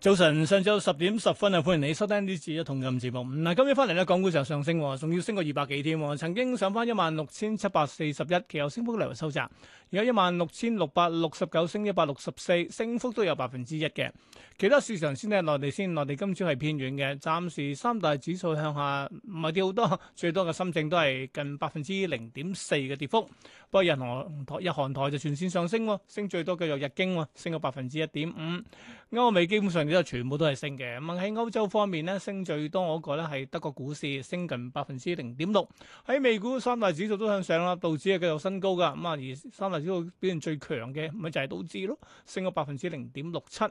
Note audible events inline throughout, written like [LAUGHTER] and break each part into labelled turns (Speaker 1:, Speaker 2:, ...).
Speaker 1: 早晨，上晝十點十分啊！歡迎你收聽呢節《一桶金》節目。嗱，今日翻嚟咧，港股就上，上升，仲要升過二百幾添。曾經上翻一萬六千七百四十一，其後升幅略為收窄。而家一萬六千六百六十九，升一百六十四，升幅都有百分之一嘅。其他市場先咧，內地先，內地，地今朝係偏軟嘅，暫時三大指數向下，唔係跌好多，最多嘅深證都係近百分之零點四嘅跌幅。不過日台日韓台就全線上升，升最多嘅就日經，升到百分之一點五。歐美基本上亦都全部都係升嘅。咁喺歐洲方面咧，升最多嗰個咧係德國股市，升近百分之零點六。喺美股三大指數都向上啦，道指係繼續新高噶。咁啊，而三大指數表現最強嘅咪就係道指咯，升咗百分之零點六七。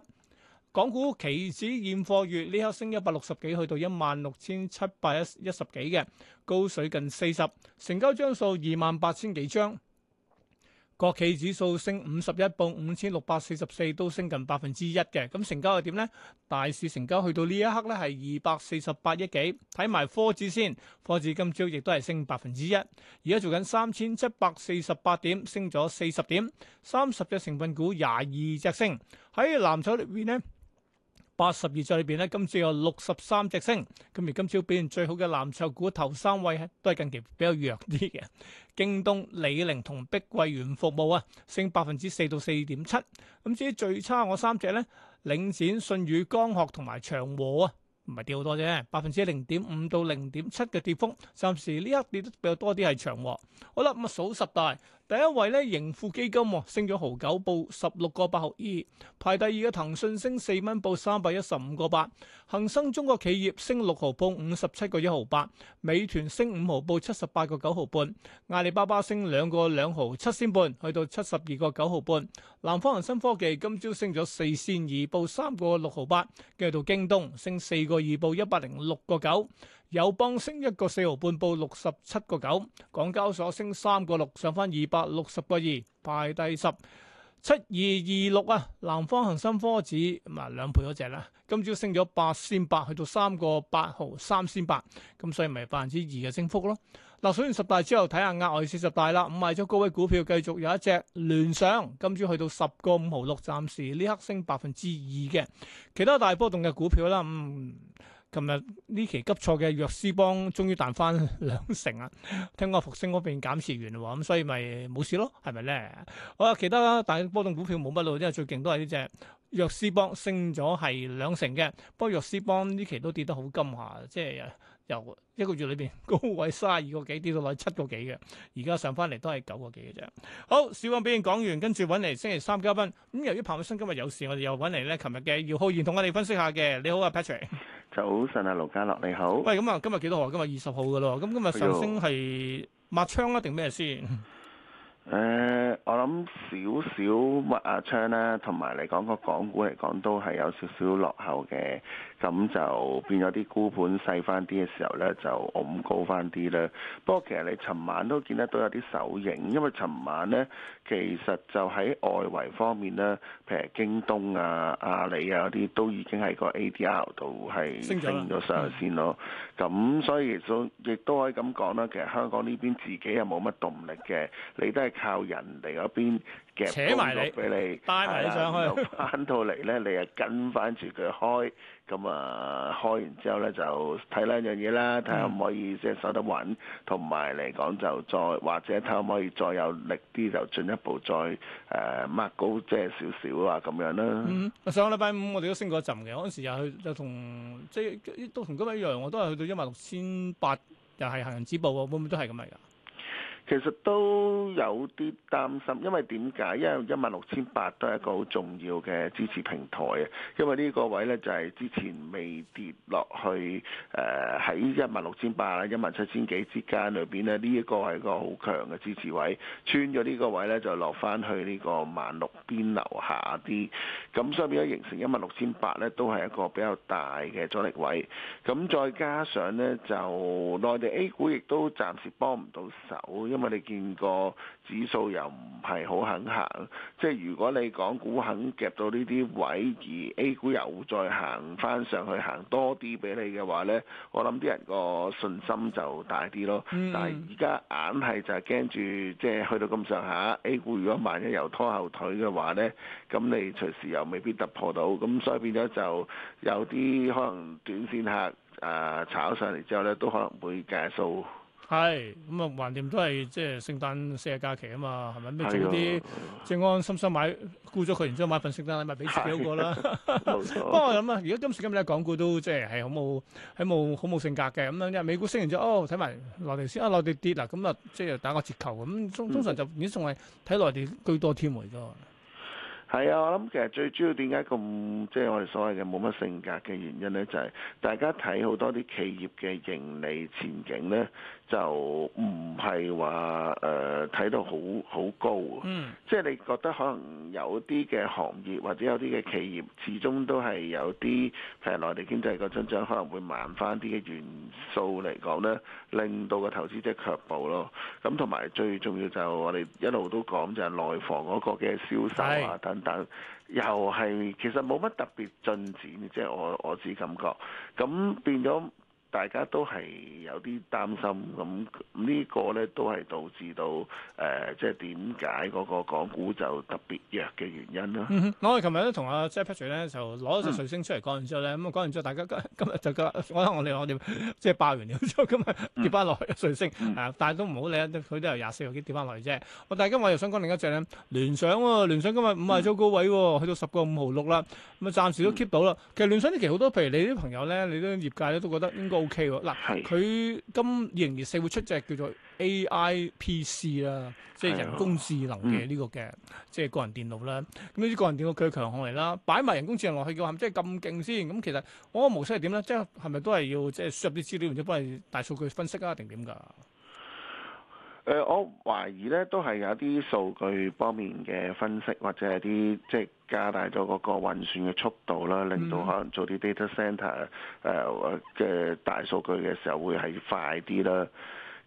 Speaker 1: 港股期指現貨月呢刻升一百六十幾，去到一萬六千七百一一十幾嘅高水近四十，成交張數二萬八千幾張。國企指數升五十一報五千六百四十四，都升近百分之一嘅。咁成交係點咧？大市成交去到呢一刻咧係二百四十八億幾。睇埋科指先，科指今朝亦都係升百分之一。而家做緊三千七百四十八點，升咗四十點，三十隻成分股廿二隻升。喺藍籌裏面咧。八十二隻裏邊咧，今次有六十三隻升，咁而今朝表現最好嘅藍籌股頭三位都係近期比較弱啲嘅，京東、李寧同碧桂園服務啊，升百分之四到四點七。咁至於最差嗰三隻咧，領展、舜宇光學同埋長和啊，唔係跌好多啫，百分之零點五到零點七嘅跌幅。暫時呢一刻跌得比較多啲係長和。好啦，咁啊數十大。第一位咧，盈富基金啊，升咗毫九，報十六個八毫二；排第二嘅騰訊升四蚊，報三百一十五個八；恒生中國企業升六毫，報五十七個一毫八；美團升五毫，報七十八個九毫半；阿里巴巴升兩個兩毫七仙半，去到七十二個九毫半；南方恒生科技今朝升咗四仙二，報三個六毫八；繼續到京東升四個二，報一百零六個九。友邦升一個四毫半，報六十七個九。港交所升三個六，上翻二百六十個二，排第十七二二六啊。6，南方恒生科指咁啊兩倍嗰隻啦，今朝升咗八仙八，去到三個八毫三仙八，咁所以咪百分之二嘅升幅咯。嗱，數完十大之後，睇下額外四十大啦，五買咗高位股票，繼續有一隻聯想，今朝去到十個五毫六，暫時呢刻升百分之二嘅。其他大波動嘅股票啦，嗯。琴日呢期急挫嘅藥師幫終於彈翻兩成啊！聽講復星嗰邊減持完，咁所以咪冇事咯，係咪咧？好啦，其他大波動股票冇乜路，因為最勁都係呢隻藥師幫升咗係兩成嘅。不過藥師幫呢期都跌得好金下，即係由一個月裏邊高位卅二個幾跌到落去七個幾嘅，而家上翻嚟都係九個幾嘅啫。好，小安表現講完，跟住搵嚟星期三嘉賓咁。由於彭偉新今日有事，我哋又搵嚟咧。琴日嘅姚浩然同我哋分析下嘅。你好啊，Patrick。
Speaker 2: 早晨啊，盧家樂你好。喂，
Speaker 1: 咁啊，今日幾多號？今日二十號噶咯。咁今日上升係抹槍啊，定咩先？
Speaker 2: 誒，我諗少少抹下槍啦，同埋嚟講個港股嚟講，都係有少少落後嘅。咁就變咗啲沽盤細翻啲嘅時候呢，就㧬高翻啲咧。不過其實你尋晚都見得到有啲手影，因為尋晚呢，其實就喺外圍方面咧，譬如京東啊、阿里啊嗰啲都已經喺個 ADR 度係升咗上先咯。咁、啊嗯、所以亦都可以咁講啦，其實香港呢邊自己又冇乜動力嘅，你都係靠人哋嗰邊。扯埋你，帶埋你上去，翻到嚟咧，你又跟翻住佢開，咁啊開完之後咧就睇兩樣嘢啦，睇下可唔可以即係守得穩，同埋嚟講就再或者睇下可唔可以再有力啲，就進一步再誒掹高即係少少啊咁樣啦。
Speaker 1: 嗯，上個禮拜五我哋都升過一陣嘅，嗰陣時又去就同即係都同今日一樣，我都係去到一萬六千八，又係行人止步喎，會唔會都係咁嚟㗎？
Speaker 2: 其實都有啲擔心，因為點解？因為一萬六千八都係一個好重要嘅支持平台啊！因為呢個位呢，就係之前未跌落去誒喺一萬六千八啦、一萬七千幾之間裏邊呢，呢一個係個好強嘅支持位，穿咗呢個位呢，就落翻去呢個萬六邊樓下啲。咁所以而家形成一萬六千八呢，都係一個比較大嘅阻力位。咁再加上呢，就內地 A 股亦都暫時幫唔到手，因為你見過指數又唔係好肯行，即係如果你港股肯夾到呢啲位，而 A 股又再行翻上去行多啲俾你嘅話呢，我諗啲人個信心就大啲咯。但係而家硬係就係驚住，即係去到咁上下，A 股如果萬一又拖後腿嘅話呢，咁你隨時又未必突破到，咁所以變咗就有啲可能短線客啊炒上嚟之後呢，都可能會計數。
Speaker 1: 係咁啊，橫掂、 [NOISE] 嗯、都係即係聖誕四日假期啊嘛，係咪咩整啲即安安心心買，沽咗佢，然之後買份聖誕禮物俾自己好過啦。不 [LAUGHS] 過 [LAUGHS] 沒錯 [LAUGHS] 我諗啊，如果今時今日港股都即係係好冇，係冇好冇性格嘅咁樣，因為美股升完之後，哦睇埋內地先啊，內地跌啦，咁、嗯、啊即係又打個折扣咁，通常就已經仲係睇內地居多添而家。
Speaker 2: 係啊，我諗其實最主要點解咁即係我哋所謂嘅冇乜性格嘅原因咧，就係大家睇好多啲企業嘅盈利前景咧，就唔係話誒睇到好好高。嗯。即係你覺得可能有啲嘅行業或者有啲嘅企業，始終都係有啲誒內地經濟個增長可能會慢返啲嘅元素嚟講咧，令到個投資者卻步咯。咁同埋最重要就我哋一路都講就係內房嗰個嘅銷售啊但又係其實冇乜特別進展，即、就、係、是、我我自己感覺咁變咗。大家都係有啲擔心，咁呢個咧都係導致到誒、呃，即係點解嗰個港股就特別弱嘅原因啦、
Speaker 1: 啊嗯。我哋琴日咧同阿 Jack Patrick 咧就攞咗隻瑞星出嚟講完之後咧，咁、嗯嗯、講完之後大家今日就覺得我哋我點，即係爆完料之後今日跌翻落去嘅瑞星，嗯、啊但係都唔好理佢都係廿四個幾跌翻落去啫。但係、哦、今日又想講另一隻咧，聯想喎、啊啊，聯想今日五啊個高位喎、啊，去到十個五毫六啦，咁、嗯、啊、嗯、暫時都 keep 到啦。其實聯想呢期好多，譬如你啲朋友咧，你啲業界咧都覺得應該。O K，嗱佢今二零二四會出隻叫做 A I P C 啦，即係人工智能嘅呢個嘅的即係個人電腦啦。咁呢啲個人電腦佢強項嚟啦，擺埋人工智能落去嘅話，即係咁勁先。咁其實我個模式係點咧？即係係咪都係要即係輸入啲資料，然之後幫你大數據分析啊，定點噶？
Speaker 2: 誒、呃，我懷疑咧，都係有啲數據方面嘅分析，或者係啲即係加大咗嗰個運算嘅速度啦，令到可能做啲 data center 誒、呃、嘅、呃呃、大數據嘅時候會係快啲啦。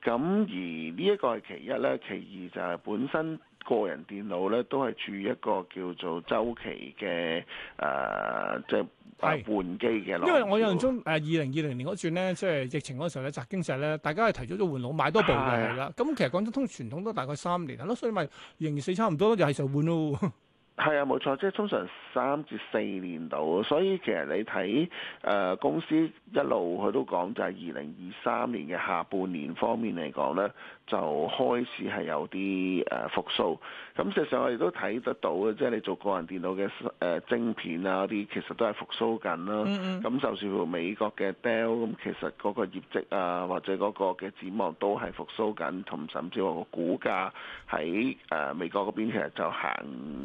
Speaker 2: 咁而呢一個係其一咧，其二就係本身。個人電腦咧都係處於一個叫做周期嘅誒、呃，即係、呃、大換機嘅。因為我印
Speaker 1: 象中誒二零二零年嗰轉咧，即、就、係、是、疫情嗰時候咧，砸經濟咧，大家係提早咗換腦買多部㗎啦。咁的、嗯、其實講得通傳統都大概三年啦，所以咪仍然二四差唔多又係時候換。就是 [LAUGHS]
Speaker 2: 係啊，冇錯，即係通常三至四年度。所以其實你睇誒、呃、公司一路佢都講就係二零二三年嘅下半年方面嚟講咧，就開始係有啲誒、呃、復甦。咁事實上我哋都睇得到嘅，即係你做個人電腦嘅誒、呃、晶片啊啲，其實都係復甦緊啦。咁、嗯嗯、就算乎美國嘅 Dell，咁其實嗰個業績啊或者嗰個嘅展望都係復甦緊，同甚至乎個股價喺誒、呃、美國嗰邊其實就行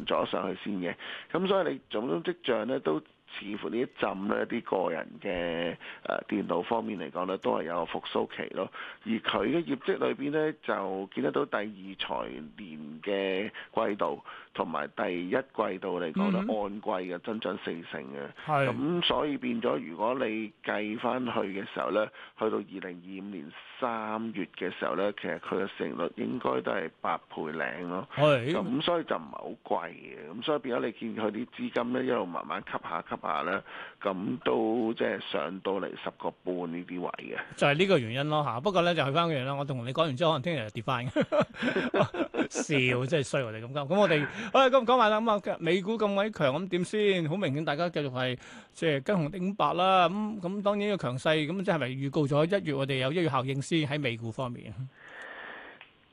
Speaker 2: 咗上。係先嘅，咁所以你種種跡象咧都。 [NOISE] 似乎呢一陣咧，啲個人嘅誒、呃、電腦方面嚟講咧，都係有個復甦期咯。而佢嘅業績裏邊咧，就見得到第二財年嘅季度同埋第一季度嚟講咧，嗯、哼按季嘅增長四成嘅。係是。咁所以變咗，如果你計翻去嘅時候咧，去到二零二五年三月嘅時候咧，其實佢嘅成率應該都係八倍領咯。係、哎。咁所以就唔係好貴嘅。咁所以變咗，你見佢啲資金咧一路慢慢吸下吸下咧，咁都即係上到嚟十個半呢啲位嘅，
Speaker 1: 就係呢個原因咯嚇。不過咧就去翻嘅啦，我同你講完之後，可能聽日就跌翻。笑，笑真係衰我哋咁鳩。咁我哋，哎，咁講埋啦。咁啊，美股咁鬼強，咁點先？好明顯，大家繼續係即係跟紅頂白啦。咁咁當然要強勢，咁即係咪預告咗一月我哋有一月效應先喺美股方面？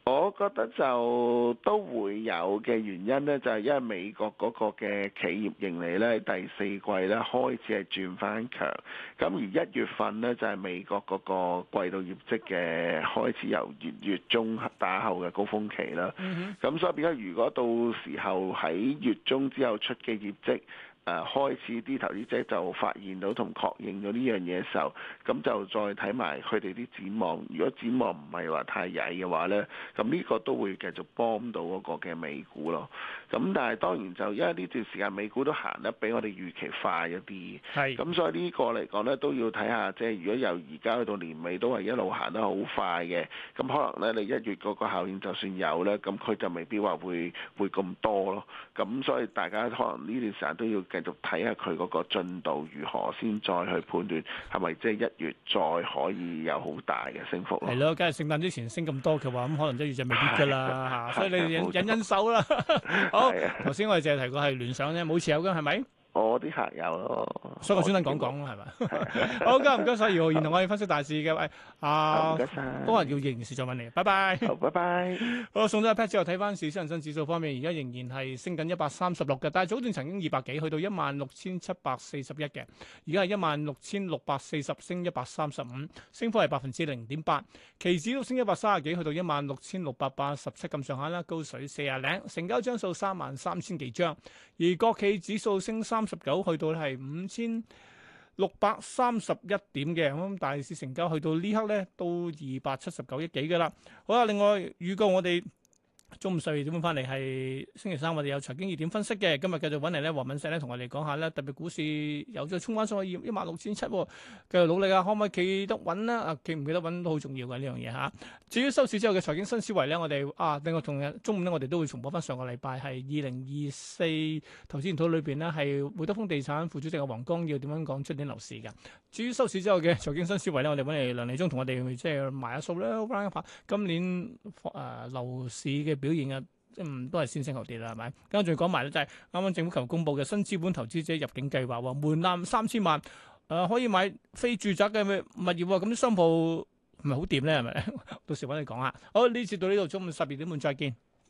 Speaker 2: 我覺得就都會有嘅原因呢，就係、是、因為美國嗰個嘅企業盈利呢，第四季呢開始係轉翻強，咁而一月份呢，就係、是、美國嗰個季度業績嘅開始由月月中打後嘅高峰期啦，咁、mm hmm. 所以變咗如果到時候喺月中之後出嘅業績。誒開始啲投資者就發現到同確認咗呢樣嘢嘅時候，咁就再睇埋佢哋啲展望。如果展望唔係話太曳嘅話呢，咁呢個都會繼續幫到嗰個嘅美股咯。咁但係當然就因為呢段時間美股都行得比我哋預期快一啲，係是。咁所以呢個嚟講呢，都要睇下，即係如果由而家去到年尾都係一路行得好快嘅，咁可能呢你一月嗰個效應就算有咧，咁佢就未必話會會咁多咯。咁所以大家可能呢段時間都要。繼續睇下佢嗰個進度如何，先再去判斷係咪即係一月再可以有好大嘅升幅咯。係咯，
Speaker 1: 梗係聖誕之前升咁多嘅話，咁可能一月就未必㗎啦嚇。的所以你忍錯忍忍手啦。
Speaker 2: [LAUGHS] 好，
Speaker 1: 頭先的我哋淨係提過係聯想咧，冇持有㗎，係咪？
Speaker 2: 我啲客有，所以我專登講講
Speaker 1: 咯，係咪？吧 [LAUGHS] [LAUGHS] 好，唔該，唔該晒，姚浩然同我哋分析大市嘅，喂、呃，啊，謝謝都係要認事再問你，拜拜，好，拜拜。好，送咗阿 Pat 之後，睇翻市，恒生指數方面，而家仍然係升緊一百三十六嘅，但係早段曾經二百幾，去到一萬六千七百四十一嘅，而家係一萬六千六百四十，升一百三十五，升幅係百分之零點八，期指都升一百三十幾，去到一萬六千六百八十七咁上下啦，高水四啊零，成交張數三萬三千幾張，而國企指數升三，十九去到係五千六百三十一點嘅，咁大市成交去到呢刻呢都二百七十九億幾㗎啦。好啦，另外預告我哋。中午十二點翻嚟係星期三，我哋有財經熱點分析嘅。今日繼續揾嚟咧，黃敏石咧同我哋講下咧，特別股市有咗衝翻上去二一萬六千七，繼續努力啊！可唔可以企得呢、啊、企，企得穩咧？企唔企得穩都好重要嘅呢樣嘢嚇。至於收市之後嘅財經新思維咧，我哋啊另外仲有中午咧，我哋都會重播翻上個禮拜係二零二四投資研討會裏邊咧，係會德豐地產副主席嘅黃光耀點樣講出年樓市嘅。至於收市之後嘅財經新思維咧，我哋揾嚟梁利忠同我哋即係埋下數咧，翻一排今年誒、呃、樓市嘅。表現啊，嗯，都係先升後跌啦，係咪？跟住講埋咧，就係啱啱政府琴日公布嘅新資本投資者入境計劃，話門檻三千萬，誒、呃，可以買非住宅嘅物業咁啲商鋪唔係好掂咧，係咪？ [LAUGHS] 到時揾你講下。好，呢次到呢度，中午十二點半再見。